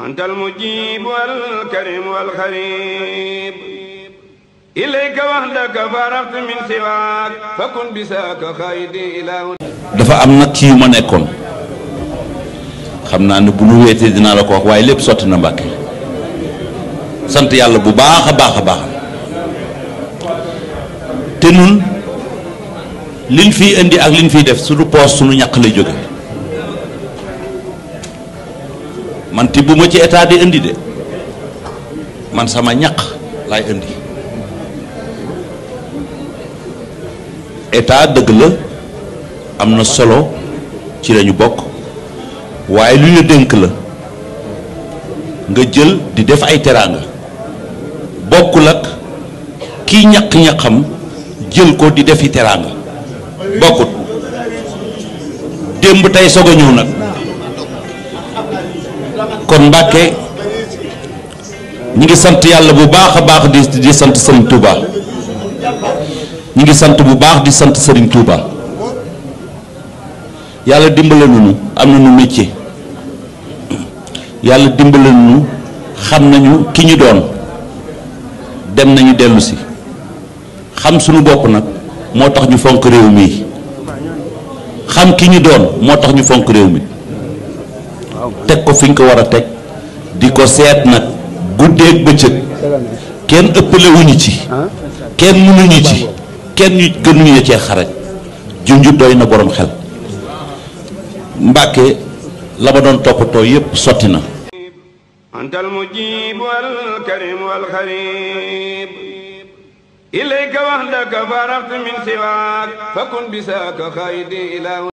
أنت المجيب والكريم والخريب إليك وحدك فرغت dafa am nag ci ma nekkoon xam naa ni bu nu weetee dinaa la ko wax waaye lépp sotti na Mbàkke sant yàlla bu baax a baax a baax te nun liñ fiy indi ak liñ fiy def suñu poos suñu ñàkk lay jóge mante bu ma ci état di indi de man sama ñaq laay indi état dëgg la am na solo ci lañu bokk waaye lu ñu dénk la nga jël di def ay teraanga bokkul ak kii ñaq-ñaqam jël ko di defi teraanga bokkut démb tey soog a ñëw nag Mbàkke ñi ngi sant yàlla bu baax a baax di di sant Serigne Touba ñi ngi sant bu baax di sant sëriñ Touba yàlla dimbale nañu am nañu métier yàlla dimbale nañu xam nañu ki ñu doon dem nañu dellusi xam sunu bopp nag moo tax ñu fonk réew mi xam ki ñu doon moo tax ñu fonk réew mi teg ko fi ñu ko war a teg. di ko seet nag guddeeg bëccëg kenn ëppalewuñu ci kenn mënuñu ci kenn gënuñu cee xaraj junju doy na borom xel Mbàkke la ma doon toppatoo yépp sotti na antal mujib wal karim wal xarib ilayka wahdaka faraqtu min siwaak fakun bisaaka xaydi ilaa